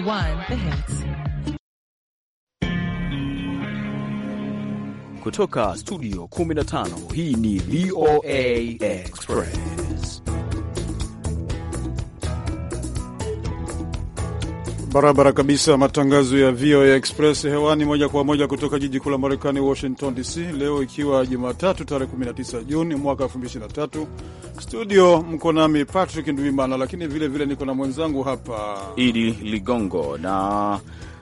91 The Hits. Kutoka studio 15 hii ni VOA Express. Barabara kabisa, matangazo ya VOA Express hewani moja kwa moja kutoka jiji kuu la Marekani, Washington DC. Leo ikiwa Jumatatu tarehe 19 Juni mwaka 2023, studio mko nami Patrick Ndwimana, lakini vilevile niko na mwenzangu hapa Idi Ligongo na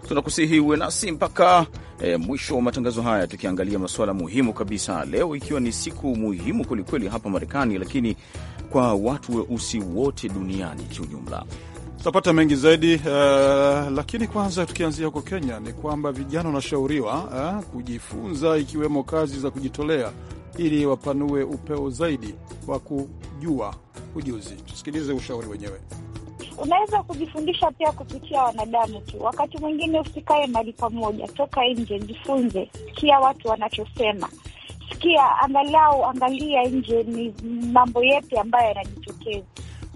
tunakusihi uwe nasi mpaka e, mwisho wa matangazo haya, tukiangalia masuala muhimu kabisa leo, ikiwa ni siku muhimu kwelikweli hapa Marekani, lakini kwa watu weusi wote duniani kiujumla tutapata mengi zaidi uh, lakini kwanza tukianzia huko Kenya ni kwamba vijana wanashauriwa uh, kujifunza ikiwemo kazi za kujitolea ili wapanue upeo zaidi wa kujua ujuzi. Tusikilize ushauri wenyewe. Unaweza kujifundisha pia kupitia wanadamu tu. Wakati mwingine usikae mahali pamoja, toka nje, jifunze, sikia watu wanachosema, sikia angalau, angalia nje ni mambo yepi ambayo yanajitokeza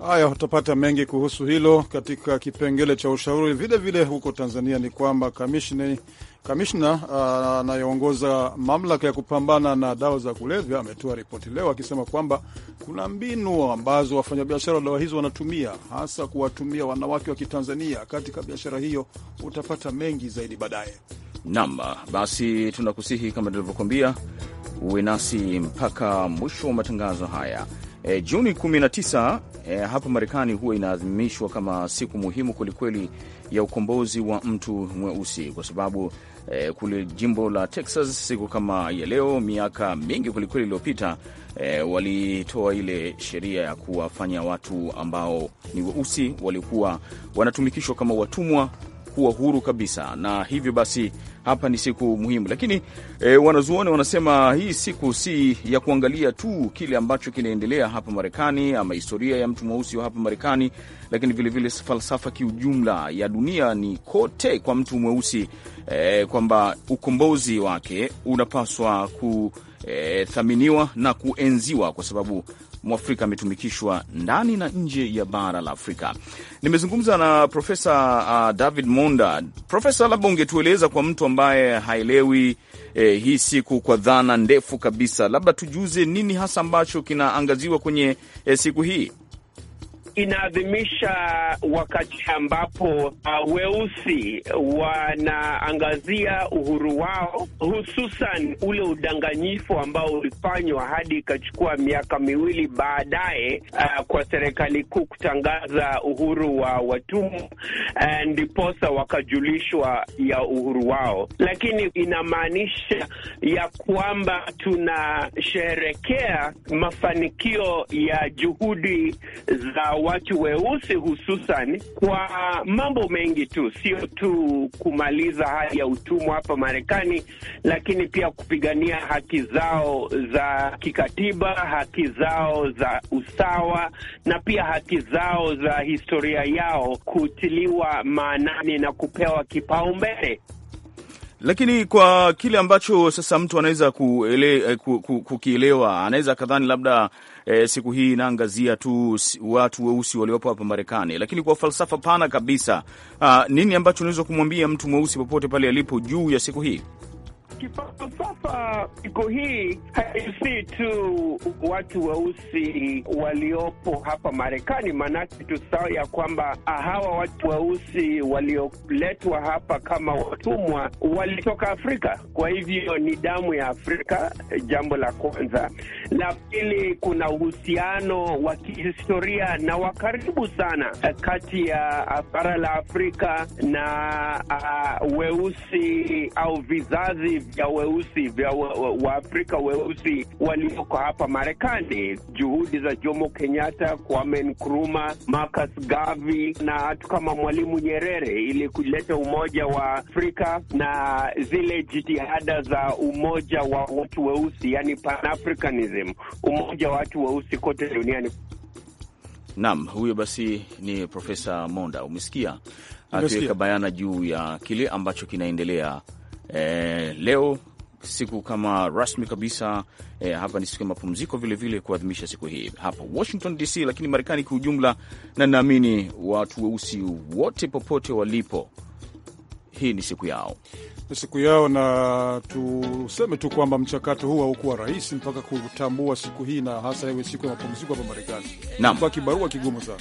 Haya, utapata mengi kuhusu hilo katika kipengele cha ushauri. Vile vile huko Tanzania ni kwamba kamishna ah, anayeongoza uh, mamlaka ya kupambana na dawa za kulevya ametoa ripoti leo akisema kwamba kuna mbinu ambazo wafanyabiashara wa dawa hizo wanatumia hasa kuwatumia wanawake wa Kitanzania katika biashara hiyo. Utapata mengi zaidi baadaye. Naam, basi tunakusihi kama tulivyokuambia, uwe nasi mpaka mwisho wa matangazo haya. E, Juni 19 e, eh, hapa Marekani huwa inaadhimishwa kama siku muhimu kwelikweli ya ukombozi wa mtu mweusi kwa sababu e, kule jimbo la Texas siku kama ya leo miaka mingi kwelikweli iliyopita e, walitoa ile sheria ya kuwafanya watu ambao ni weusi walikuwa wanatumikishwa kama watumwa kuwa huru kabisa, na hivyo basi hapa ni siku muhimu, lakini e, wanazuoni wanasema hii siku si ya kuangalia tu kile ambacho kinaendelea hapa Marekani ama historia ya mtu mweusi wa hapa Marekani, lakini vilevile vile falsafa kiujumla ya dunia ni kote kwa mtu mweusi e, kwamba ukombozi wake unapaswa ku E, thaminiwa na kuenziwa kwa sababu Mwafrika ametumikishwa ndani na nje ya bara la Afrika. Nimezungumza na Profesa uh, David Monda. Profesa, labda ungetueleza kwa mtu ambaye haelewi eh, hii siku kwa dhana ndefu kabisa, labda tujuze nini hasa ambacho kinaangaziwa kwenye eh, siku hii? inaadhimisha wakati ambapo uh, weusi wanaangazia uhuru wao, hususan ule udanganyifu ambao ulifanywa hadi ikachukua miaka miwili baadaye uh, kwa serikali kuu kutangaza uhuru wa watumwa, uh, ndiposa wakajulishwa ya uhuru wao, lakini inamaanisha ya kwamba tunasherekea mafanikio ya juhudi za watu weusi hususan kwa mambo mengi tu, sio tu kumaliza hali ya utumwa hapa Marekani, lakini pia kupigania haki zao za kikatiba, haki zao za usawa na pia haki zao za historia yao kutiliwa maanani na kupewa kipaumbele lakini kwa kile ambacho sasa mtu anaweza kukielewa eh, ku, ku, ku, anaweza kadhani labda e, siku hii inaangazia tu watu weusi waliopo hapa Marekani, lakini kwa falsafa pana kabisa, a, ah, nini ambacho unaweza kumwambia mtu mweusi popote pale alipo juu ya siku hii? sasa siku hii haisi tu watu weusi waliopo hapa Marekani, maanake tusao ya kwamba ah, hawa watu weusi walioletwa hapa kama watumwa walitoka Afrika. Kwa hivyo ni damu ya Afrika, jambo la kwanza. La pili, kuna uhusiano wa kihistoria na wa karibu sana eh, kati ya ah, bara la Afrika na uh, weusi au vizazi ya weusi vya Waafrika wa weusi walioko hapa Marekani, juhudi za Jomo Kenyatta, Kwame Nkrumah, Marcus Garvey na hatu kama Mwalimu Nyerere ili kuleta umoja wa Afrika na zile jitihada za umoja wa watu weusi, yani Pan-Africanism, umoja wa watu weusi kote duniani. Naam, huyo basi ni Profesa Monda, umesikia akiweka bayana juu ya kile ambacho kinaendelea eh, leo siku kama rasmi kabisa eh, hapa ni siku ya mapumziko vilevile kuadhimisha siku hii hapa Washington DC, lakini Marekani kiujumla, ujumla, na naamini watu weusi wote popote walipo, hii ni siku yao siku yao, na tuseme tu kwamba mchakato huu haukuwa rahisi mpaka kutambua siku hii, na hasa iwe siku ya mapumziko hapa Marekani, kwa kibarua kigumu sana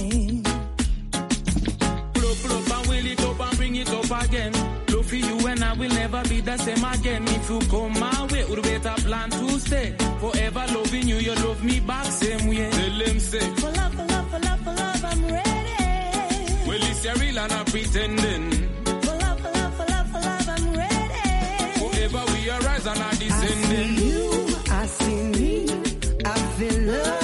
never be the same again if you come my way. Would better plan to stay forever loving you. You love me back same way. Tell them say, for love, for love, for love, for love, I'm ready. Well, it's a real and I'm pretending. For love, for love, for love, for love, I'm ready. Forever we arise and are descending. I see you, I see me, I feel love.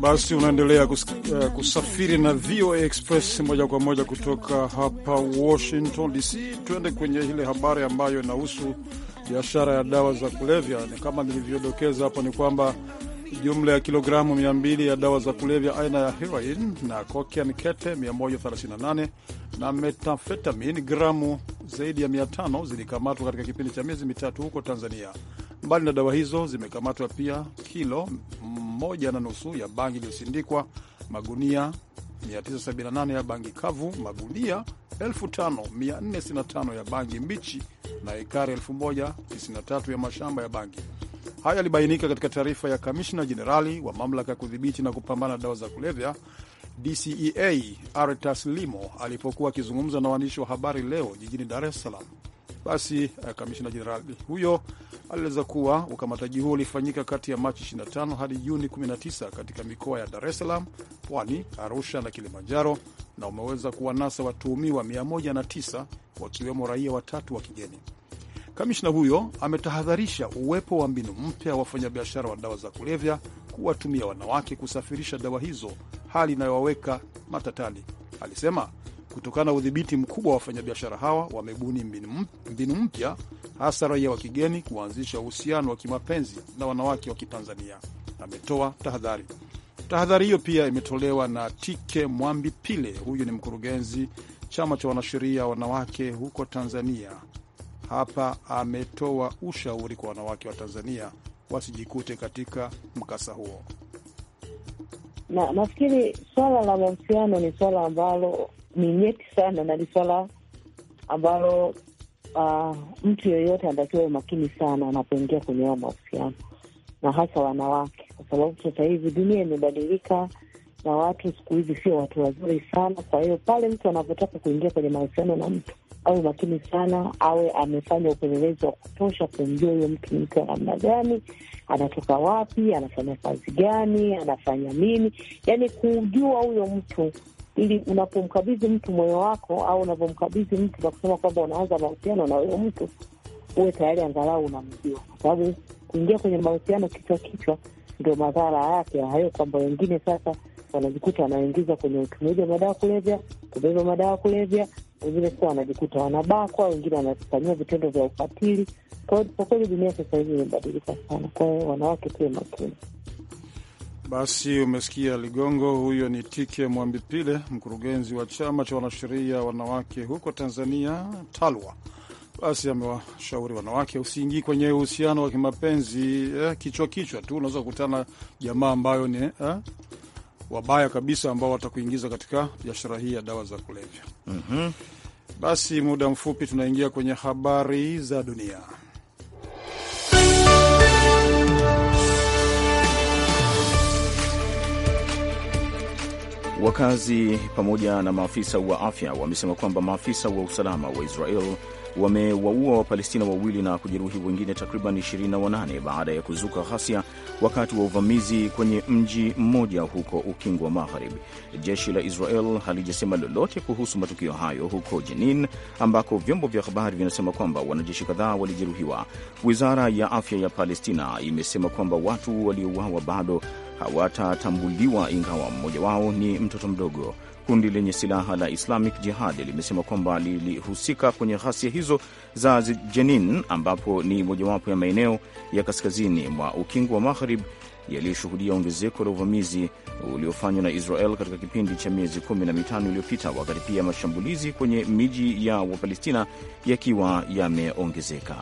Basi unaendelea kus, uh, kusafiri na VOA Express moja kwa moja kutoka hapa Washington DC. Tuende kwenye ile habari ambayo inahusu biashara ya dawa za kulevya. Ni kama nilivyodokeza hapo, ni kwamba jumla ya kilogramu 200 ya dawa za kulevya aina ya heroin na kokeini kete 138 na metafetamin gramu zaidi ya 500 zilikamatwa katika kipindi cha miezi mitatu huko Tanzania. Mbali na dawa hizo, zimekamatwa pia kilo moja na nusu ya bangi iliyosindikwa, magunia 978 ya bangi kavu, magunia 5465 ya bangi mbichi na ekari 1093 ya mashamba ya bangi. Haya yalibainika katika taarifa ya kamishna jenerali wa mamlaka ya kudhibiti na kupambana na dawa za kulevya DCEA Artas Limo alipokuwa akizungumza na waandishi wa habari leo jijini Dar es Salaam. Basi eh, kamishina jenerali huyo alieleza kuwa ukamataji huo ulifanyika kati ya Machi 25 hadi Juni 19 katika mikoa ya Dar es Salaam, Pwani, Arusha na Kilimanjaro, na umeweza kuwanasa watuhumiwa 109 wakiwemo raia watatu wa kigeni. Kamishna huyo ametahadharisha uwepo wa mbinu mpya wa wafanyabiashara wa dawa za kulevya kuwatumia wanawake kusafirisha dawa hizo, hali inayowaweka matatani. Alisema Kutokana na udhibiti mkubwa wa wafanyabiashara hawa, wamebuni mbinu mpya, hasa raia wa kigeni kuanzisha uhusiano wa kimapenzi na wanawake wa Kitanzania. Ametoa tahadhari. Tahadhari hiyo pia imetolewa na Tike Mwambi Pile, huyu ni mkurugenzi chama cha wanasheria wanawake huko Tanzania. Hapa ametoa ushauri kwa wanawake wa Tanzania wasijikute katika mkasa huo. Na nafikiri swala la mahusiano ni swala ambalo ni nyeti sana na ni swala ambalo uh, mtu yeyote anatakiwa makini sana anapoingia kwenye hao mahusiano, na hasa wanawake, kwa sababu sasa hivi dunia imebadilika na watu siku hizi sio watu wazuri sana. Kwa hiyo pale mtu anapotaka kuingia kwenye mahusiano na mtu awe makini sana, awe amefanya upelelezi wa kutosha kumjua huyo mtu ni mtu wa namna gani, anatoka wapi, anafanya kazi gani, anafanya nini, yani kujua huyo mtu ili unapomkabidhi mtu moyo wako au unavyomkabidhi mtu na kusema kwamba unaanza mahusiano na huyo mtu, uwe tayari angalau unamjua, kwa sababu kuingia kwenye mahusiano kichwa kichwa ndio madhara yake hayo, kwamba wengine sasa wanajikuta wanaingiza kwenye utumiaji wa madawa kulevya, kubeba madawa kulevya, wengine sasa wanajikuta wanabakwa, wengine wanafanyiwa vitendo vya ukatili. Kwa kwa kweli dunia sasa hivi imebadilika sana. Kwa hiyo wanawake tuwe makini. Basi umesikia Ligongo. Huyo ni Tike Mwambipile, mkurugenzi wa chama cha wanasheria wanawake huko Tanzania, TALWA. Basi amewashauri wanawake usiingii kwenye uhusiano wa kimapenzi eh, kichwa kichwa tu. Unaweza kukutana jamaa ambayo ni eh, wabaya kabisa, ambao watakuingiza katika biashara hii ya dawa za kulevya. mm -hmm. Basi muda mfupi tunaingia kwenye habari za dunia. Wakazi pamoja na maafisa wa afya wamesema kwamba maafisa wa usalama wa Israel wamewaua Wapalestina wawili na kujeruhi wengine takriban 28 baada ya kuzuka ghasia wakati wa uvamizi kwenye mji mmoja huko Ukingo wa Magharibi. Jeshi la Israel halijasema lolote kuhusu matukio hayo huko Jenin, ambako vyombo vya habari vinasema kwamba wanajeshi kadhaa walijeruhiwa. Wizara ya afya ya Palestina imesema kwamba watu waliouawa bado hawatatambuliwa ingawa mmoja wao ni mtoto mdogo. Kundi lenye silaha la Islamic Jihad limesema kwamba lilihusika kwenye ghasia hizo za Jenin, ambapo ni mojawapo ya maeneo ya kaskazini mwa ukingo wa Maghrib yaliyoshuhudia ongezeko la uvamizi uliofanywa na Israel katika kipindi cha miezi kumi na mitano iliyopita, wakati pia mashambulizi kwenye miji ya Wapalestina yakiwa yameongezeka.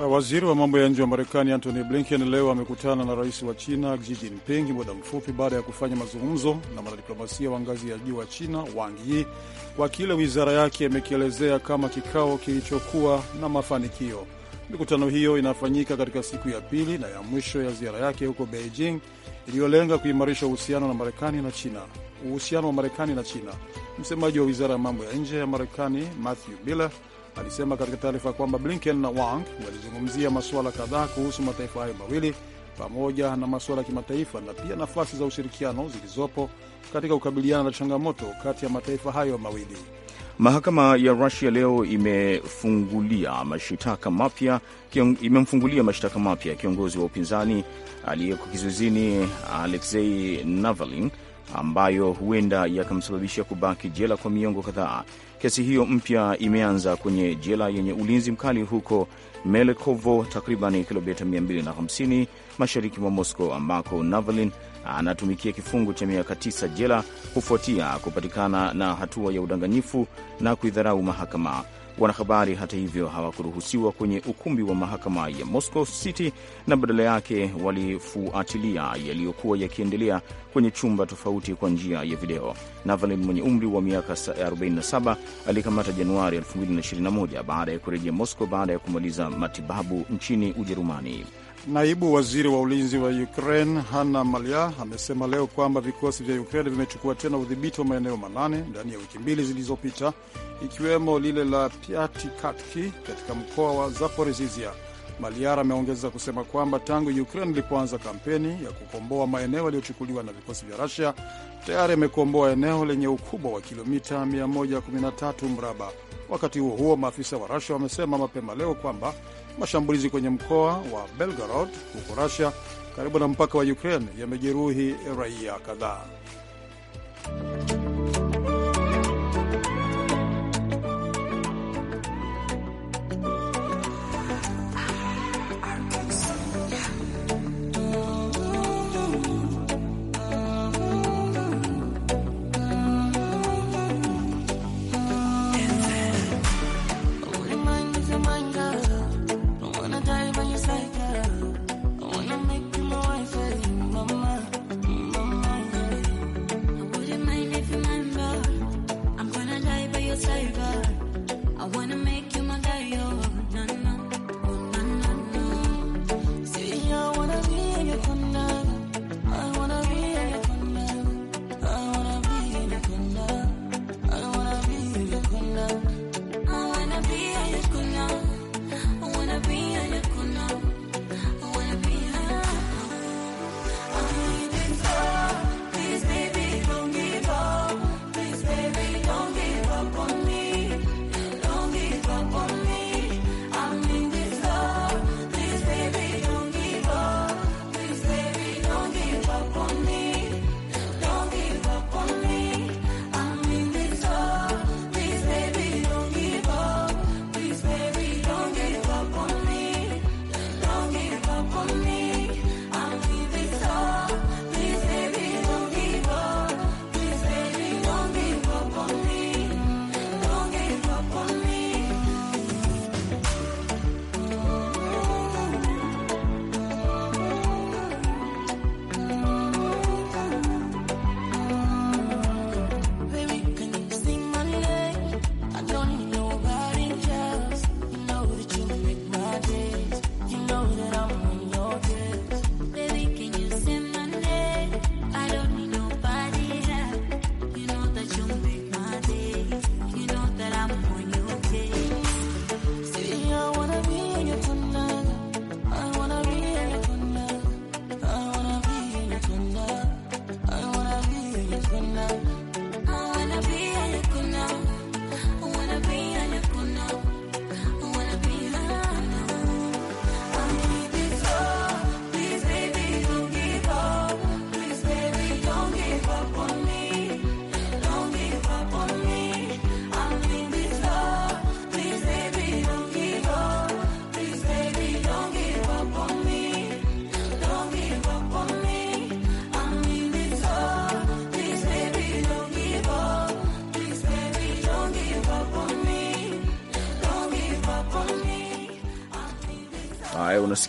Uh, waziri wa mambo ya nje wa Marekani Antony Blinken leo amekutana na rais wa China Xi Jinping muda mfupi baada ya kufanya mazungumzo na mwanadiplomasia wa ngazi ya juu wa China Wang Yi kwa kile wizara yake imekielezea kama kikao kilichokuwa na mafanikio. Mikutano hiyo inafanyika katika siku ya pili na ya mwisho ya ziara yake huko Beijing iliyolenga kuimarisha uhusiano na Marekani na China uhusiano wa Marekani na China. Msemaji wa wizara ya mambo ya nje ya Marekani Matthew Miller alisema katika taarifa kwamba Blinken na Wang walizungumzia masuala kadhaa kuhusu mataifa hayo mawili pamoja na masuala ya kimataifa na pia nafasi za ushirikiano zilizopo katika kukabiliana na changamoto kati ya mataifa hayo mawili. Mahakama ya Rusia leo imefungulia mashtaka mapya imemfungulia mashtaka mapya kiongozi wa upinzani aliyeko kizuizini Alexei Navalny ambayo huenda yakamsababisha kubaki jela kwa miongo kadhaa. Kesi hiyo mpya imeanza kwenye jela yenye ulinzi mkali huko Melekovo, takriban kilomita 250 mashariki mwa Moscow, ambako navelin anatumikia kifungo cha miaka tisa jela kufuatia kupatikana na hatua ya udanganyifu na kuidharau mahakama. Wanahabari hata hivyo hawakuruhusiwa kwenye ukumbi wa mahakama ya Moscow City na badala yake walifuatilia yaliyokuwa yakiendelea kwenye chumba tofauti kwa njia ya video. Navalny mwenye umri wa miaka 47 alikamata Januari 2021 baada ya kurejea Moscow baada ya kumaliza matibabu nchini Ujerumani. Naibu waziri wa ulinzi wa Ukraine Hanna Malia amesema leo kwamba vikosi vya Ukraine vimechukua tena udhibiti wa maeneo manane ndani ya wiki mbili zilizopita, ikiwemo lile la Piatikatki katika mkoa wa Zaporizhia. Maliar ameongeza kusema kwamba tangu Ukraine ilipoanza kampeni ya kukomboa maeneo yaliyochukuliwa na vikosi vya Rusia, tayari amekomboa eneo lenye ukubwa wa kilomita 113 mraba. Wakati huo huo, maafisa wa Rusia wamesema mapema leo kwamba Mashambulizi kwenye mkoa wa Belgorod huko rusia karibu na mpaka wa Ukraine yamejeruhi raia kadhaa.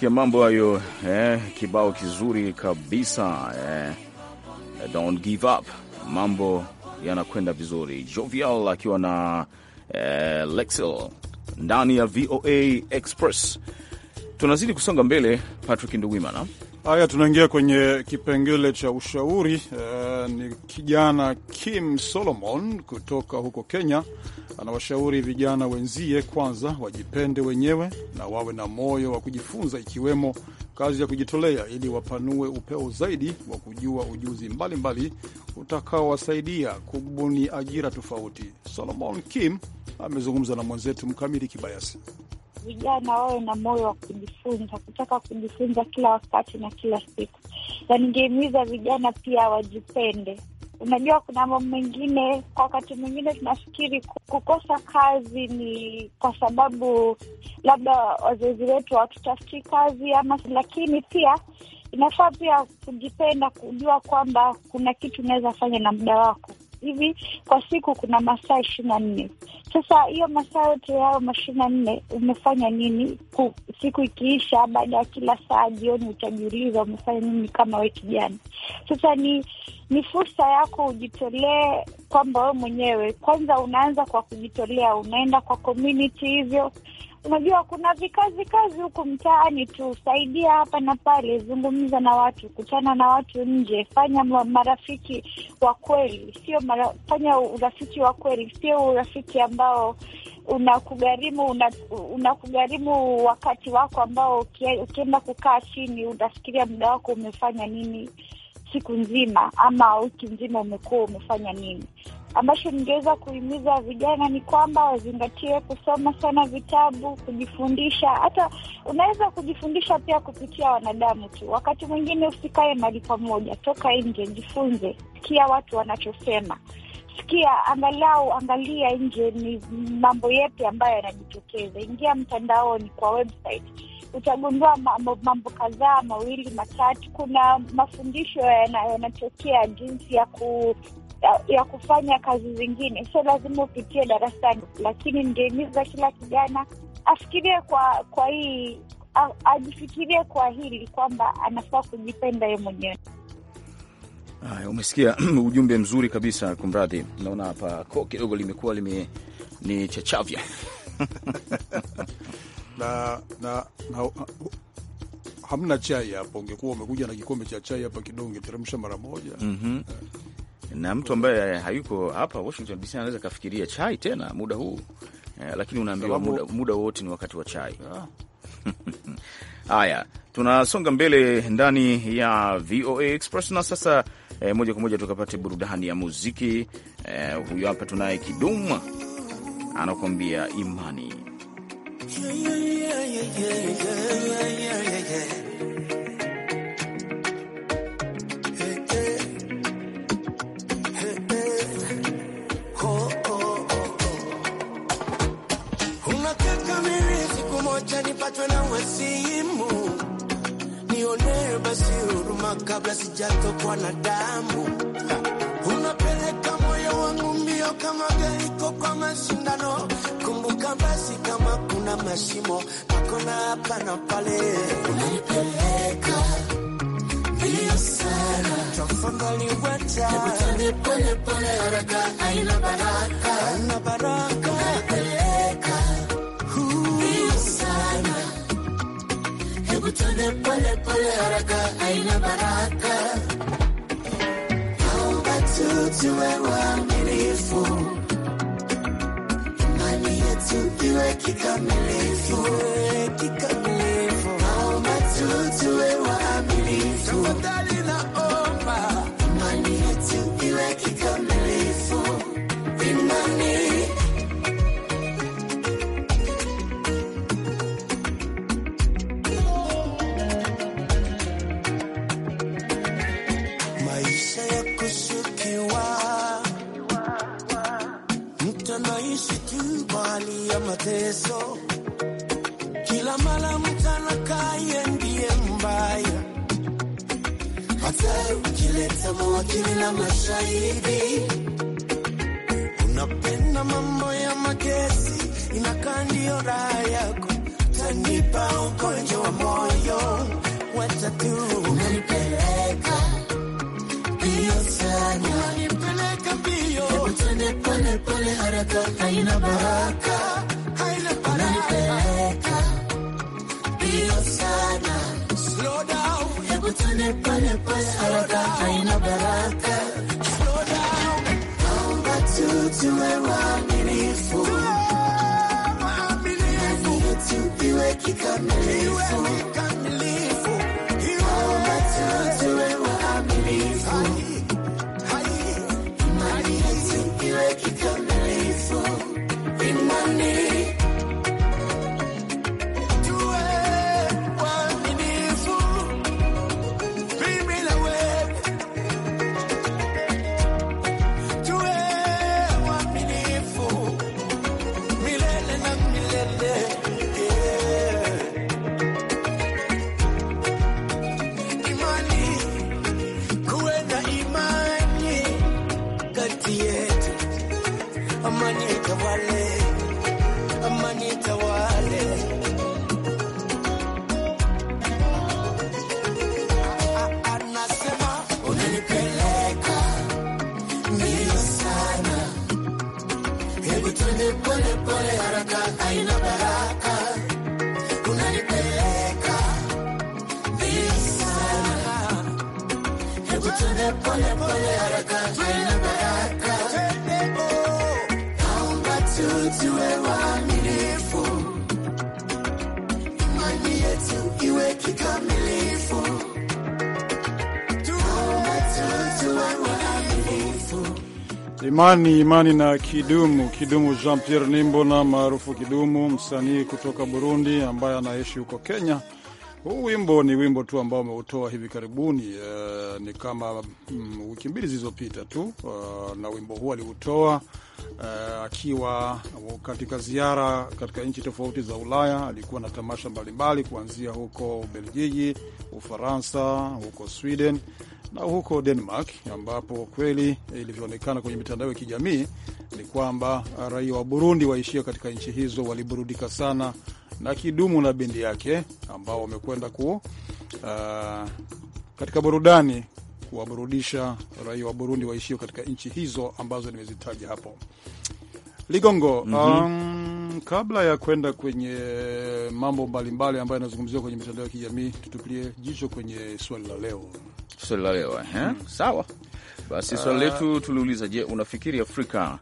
Umesikia mambo hayo eh, kibao kizuri kabisa eh, don't give up. Mambo yanakwenda vizuri. Jovial akiwa na eh, Lexel ndani ya VOA Express. Tunazidi kusonga mbele, Patrick Nduwimana. Haya, tunaingia kwenye kipengele cha ushauri. Uh, ni kijana Kim Solomon kutoka huko Kenya, anawashauri vijana wenzie kwanza wajipende wenyewe na wawe na moyo wa kujifunza, ikiwemo kazi ya kujitolea, ili wapanue upeo zaidi wa kujua ujuzi mbalimbali utakaowasaidia kubuni ajira tofauti. Solomon Kim amezungumza na mwenzetu Mkamili Kibayasi vijana wawe na moyo wa kujifunza, kutaka kujifunza kila wakati na kila siku, na ningehimiza vijana pia wajipende. Unajua, kuna mambo mengine, kwa wakati mwingine tunafikiri kukosa kazi ni kwa sababu labda wazazi wetu hawatutafutii kazi ama, lakini pia inafaa pia kujipenda, kujua kwamba kuna kitu unaweza fanya na muda wako. Hivi kwa siku kuna masaa ishirini na nne sasa hiyo masaa yote yao mashina nne umefanya nini? Siku ikiisha, baada ya kila saa jioni utajiuliza umefanya nini kama we kijana. Sasa ni ni fursa yako, ujitolee kwamba wewe mwenyewe kwanza. Unaanza kwa kujitolea, unaenda kwa community hivyo Unajua kuna vikazi kazi huku mtaani tu, saidia hapa na pale, zungumza na watu, kutana na watu nje, fanya marafiki wa kweli, sio mara, fanya urafiki wa kweli, sio urafiki ambao unakugharimu una, wakati wako ambao ukienda kukaa chini utafikiria muda wako umefanya nini siku nzima ama wiki nzima umekuwa umefanya nini ambacho ningeweza kuhimiza vijana ni kwamba wazingatie kusoma sana vitabu, kujifundisha. Hata unaweza kujifundisha pia kupitia wanadamu tu. Wakati mwingine usikae mahali pamoja, toka nje, jifunze, sikia watu wanachosema, sikia angalau, angalia nje, ni mambo yepi ambayo yanajitokeza. Ingia mtandaoni kwa website utagundua mambo kadhaa mawili matatu. Kuna mafundisho yanatokea jinsi ya ku ya, ya kufanya kazi zingine, sio lazima upitie darasani, lakini ndihimiza kila kijana afikirie kwa kwa hii ajifikirie kwa hili kwamba anafaa kujipenda ye mwenyewe. Aya, umesikia ujumbe mzuri kabisa. Kumradhi, naona hapa koo kidogo limekuwa limenichachavya na, na, na hamna chai hapo. Ungekuwa umekuja na kikombe cha chai hapa kidogo, ungeteremsha mara moja. mm -hmm na mtu ambaye hayuko hapa Washington DC anaweza kafikiria chai tena muda huu eh, lakini unaambiwa muda, muda wote ni wakati wa chai haya. Tunasonga mbele ndani ya VOA Express na sasa eh, moja kwa moja tukapate burudani ya muziki eh, huyo hapa tunaye Kidum anakuambia imani yeah, yeah, yeah, yeah, yeah, yeah. fela wasimu, nionee basi huruma kabla sijatokwa na damu. Unapeleka moyo wangu mbio kama gariko kwa mashindano. Kumbuka basi kama kuna mashimo makona hapa na pale, unanipeleka mbio sana, tafadhali wacha, pole pole, haraka haina baraka, haina baraka baraka, naomba tu tuwe waaminifu, imani yetu iwe kikamilifu, kikamilifu. naomba tu tuwe waaminifu mateso, kila mara mtanakaye ndiye mbaya. Hata ukileta mawakili na mashahidi, unapenda mambo ya makesi, inakaa ndiyo raha yako. Tanipa ugonjwa wa moyo, wacha unanipeleka mbio sana, unanipeleka mbio, twende pole pole, haraka haina baraka utune pole pole, haraka haina baraka. Slow down, naomba tu tuwe waaminifu, tuwe waaminifu, tuwe kikamilifu Imani imani na Kidumu Kidumu Jean Pierre Nimbona maarufu Kidumu, msanii kutoka Burundi ambaye anaishi huko Kenya huu wimbo ni wimbo tu ambao umeutoa hivi karibuni uh, ni kama mm, wiki mbili zilizopita tu uh, na wimbo huu aliutoa uh, akiwa katika ziara katika nchi tofauti za Ulaya. Alikuwa na tamasha mbalimbali kuanzia huko Ubelgiji, Ufaransa, huko Sweden na huko Denmark, ambapo kweli ilivyoonekana kwenye mitandao ya kijamii ni kwamba raia wa Burundi waishia katika nchi hizo waliburudika sana na Kidumu na bendi yake ambao wamekwenda ku uh, katika burudani kuwaburudisha raia wa Burundi waishio katika nchi hizo ambazo nimezitaja hapo. Ligongo, mm -hmm. um, kabla ya kwenda kwenye mambo mbalimbali ambayo yanazungumziwa kwenye mitandao ya kijamii tutupilie jicho kwenye swali la leo. Swali la leo eh? Sawa basi, swali uh, letu tuliuliza, je, unafikiri Afrika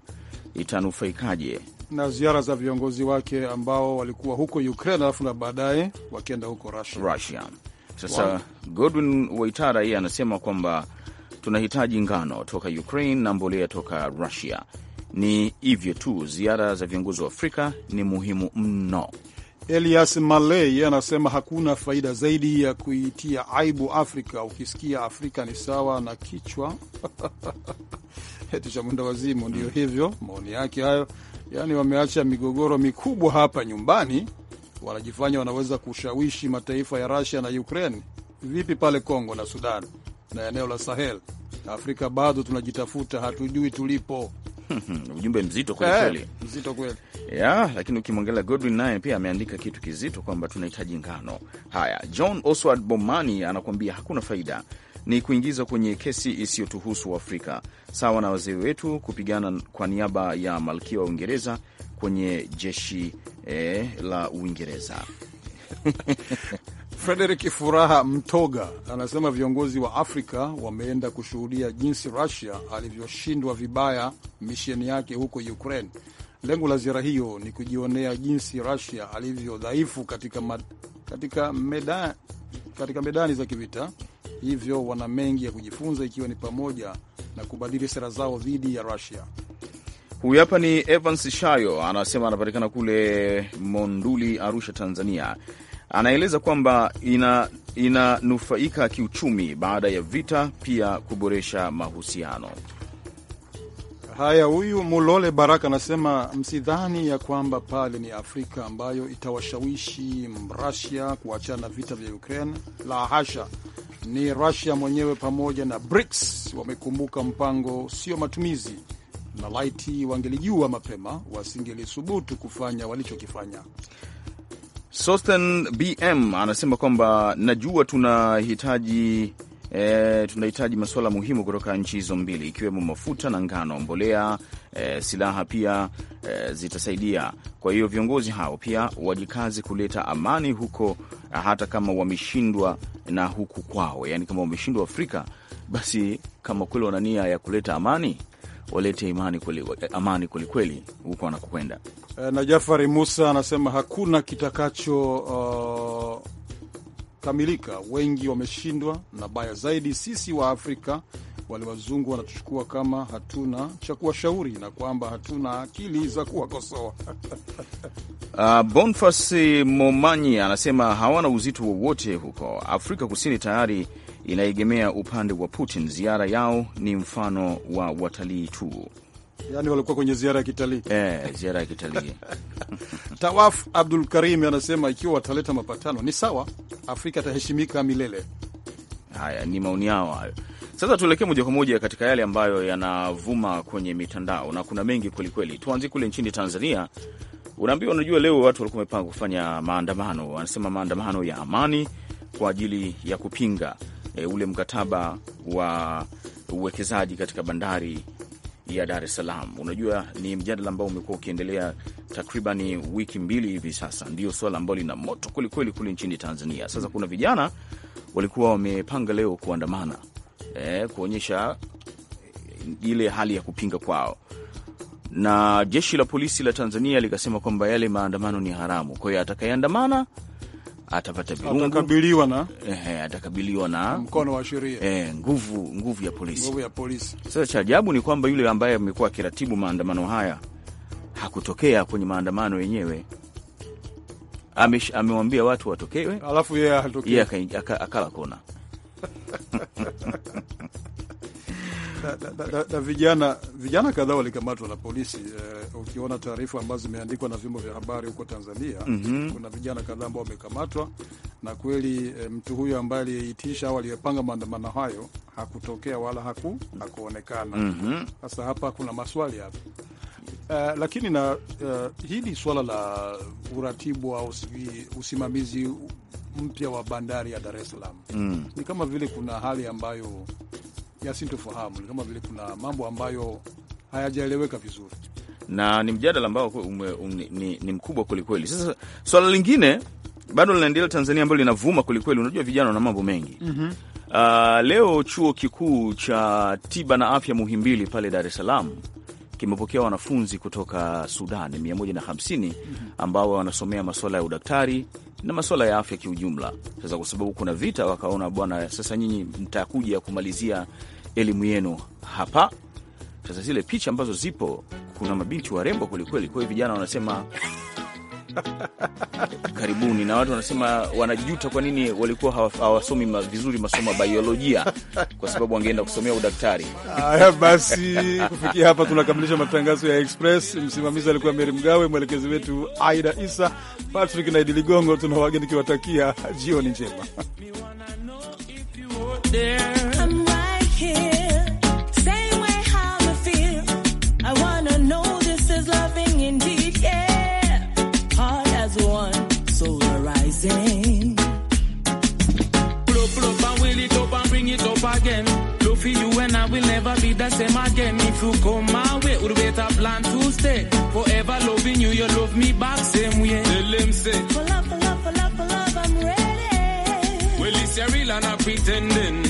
itanufaikaje na ziara za viongozi wake ambao walikuwa huko Ukraine alafu na baadaye wakienda huko Russia. Russia. Sasa wow. Godwin Waitara yeye anasema kwamba tunahitaji ngano toka Ukraine na mbolea toka Russia. Ni hivyo tu, ziara za viongozi wa Afrika ni muhimu mno. Elias yeye anasema hakuna faida zaidi ya kuitia aibu Afrika. Ukisikia Afrika ni sawa na kichwa cheti cha mwenda wazimu. Ndio hivyo, maoni yake hayo. Yaani wameacha migogoro mikubwa hapa nyumbani, wanajifanya wanaweza kushawishi mataifa ya rasia na Ukraine. Vipi pale Kongo na Sudan na eneo la Sahel? Afrika bado tunajitafuta, hatujui tulipo. Ujumbe mzito kwelikweli, eh, mzito kweli ya, lakini ukimwangalia Godwin naye pia ameandika kitu kizito kwamba tunahitaji ngano. Haya, John Oswald Bomani anakuambia hakuna faida ni kuingiza kwenye kesi isiyotuhusu Afrika, sawa na wazee wetu kupigana kwa niaba ya malkia wa Uingereza kwenye jeshi eh, la Uingereza. Frederik Furaha Mtoga anasema viongozi wa Afrika wameenda kushuhudia jinsi Rusia alivyoshindwa vibaya misheni yake huko Ukraine. Lengo la ziara hiyo ni kujionea jinsi Rusia alivyo dhaifu katika, katika, meda, katika medani za kivita hivyo wana mengi ya kujifunza, ikiwa ni pamoja na kubadili sera zao dhidi ya Rusia. Huyu hapa ni Evans Shayo, anasema anapatikana kule Monduli, Arusha, Tanzania. Anaeleza kwamba inanufaika ina kiuchumi baada ya vita, pia kuboresha mahusiano haya. Huyu Mulole Baraka anasema msidhani ya kwamba pale ni Afrika ambayo itawashawishi rasia kuachana na vita vya Ukraine, la hasha ni Russia mwenyewe pamoja na BRICS wamekumbuka mpango sio matumizi, na laiti wangelijua mapema wasingelisubutu kufanya walichokifanya. Sosten BM anasema kwamba najua tunahitaji e, tunahitaji masuala muhimu kutoka nchi hizo mbili ikiwemo mafuta na ngano, mbolea, e, silaha pia e, zitasaidia. Kwa hiyo viongozi hao pia wajikazi kuleta amani huko, e, hata kama wameshindwa na huku kwao, yaani kama wameshindwa Afrika, basi kama kweli wana nia ya kuleta amani walete imani kweli, amani kwelikweli huko wanakokwenda. E, na Jafari Musa anasema hakuna kitakacho uh kukamilika, wengi wameshindwa, na baya zaidi, sisi wa Afrika wale wazungu wanatuchukua kama hatuna cha kuwashauri na kwamba hatuna akili za kuwakosoa. Uh, ah, Bonfas Momanyi anasema hawana uzito wowote huko. Afrika Kusini tayari inaegemea upande wa Putin. Ziara yao ni mfano wa watalii tu yani walikuwa kwenye ziara ya kitalii eh, ziara ya kitalii Tawaf Abdul Karim anasema ikiwa wataleta mapatano ni sawa, Afrika itaheshimika milele. Haya ni maoni yao hayo. Sasa tuelekee moja kwa moja katika yale ambayo yanavuma kwenye mitandao na kuna mengi kwelikweli. Tuanzie kule nchini Tanzania. Unaambiwa, unajua leo watu walikuwa wamepanga kufanya maandamano, wanasema maandamano ya amani kwa ajili ya kupinga e, ule mkataba wa uwekezaji katika bandari ya Dar es Salaam. Unajua, ni mjadala ambao umekuwa ukiendelea takriban wiki mbili hivi sasa, ndio swala ambalo lina moto kwelikweli kule nchini Tanzania. Sasa kuna vijana walikuwa wamepanga leo kuandamana eh, kuonyesha eh, ile hali ya kupinga kwao, na jeshi la polisi la Tanzania likasema kwamba yale maandamano ni haramu, kwa hiyo atakayeandamana atapata virungu, atakabiliwa na eh, atakabiliwa na mkono wa sheria eh, nguvu nguvu ya polisi, nguvu ya polisi. Sasa cha ajabu ni kwamba yule ambaye amekuwa akiratibu maandamano haya hakutokea kwenye maandamano yenyewe, amewambia watu watokewe, alafu yeye akala kona na vijana vijana kadhaa walikamatwa na polisi. Uh, ukiona taarifa ambazo zimeandikwa na vyombo vya habari huko Tanzania mm -hmm. kuna vijana kadhaa ambao wamekamatwa na kweli eh, mtu huyo ambaye aliyeitisha au aliyepanga maandamano hayo hakutokea wala haku, hakuonekana mm -hmm. Sasa hapa kuna maswali hapa uh, eh, lakini na uh, hili swala la uratibu au sijui usimamizi mpya wa bandari ya Dar es Salaam mm. ni kama vile kuna hali ambayo ya sintofahamu. Ni kama vile kuna mambo ambayo hayajaeleweka vizuri, na ni mjadala ambao um- ni, ni mkubwa kwelikweli. Sasa swala lingine bado linaendelea Tanzania ambalo linavuma kwelikweli. Unajua vijana wana mambo mengi mm -hmm. Uh, leo chuo kikuu cha tiba na afya Muhimbili pale Dar es Salaam kimepokea wanafunzi kutoka Sudan 150 mhm. ambao wanasomea masuala ya udaktari na masuala ya afya kiujumla. Sasa kwa sababu kuna vita, wakaona bwana, sasa nyinyi mtakuja kumalizia elimu yenu hapa. Sasa zile picha ambazo zipo, kuna mabinti warembo kwelikweli. Kwa hiyo vijana wanasema karibuni, na watu wanasema wanajuta kwa nini walikuwa hawasomi vizuri masomo ya biolojia, kwa sababu wangeenda kusomea udaktari. Haya basi, kufikia hapa tunakamilisha matangazo ya Express. Msimamizi alikuwa Meri Mgawe, mwelekezi wetu Aida Isa, Patrick na Idi Ligongo. Tunawageni nikiwatakia jioni njema. fill it up and bring it up again. Love for you and I will never be the same again. If you come my way, would better plan to stay. Forever loving you, you love me back same way. Tell them say, for love, for love, for love, for love, I'm ready. Well, it's a real and a pretending.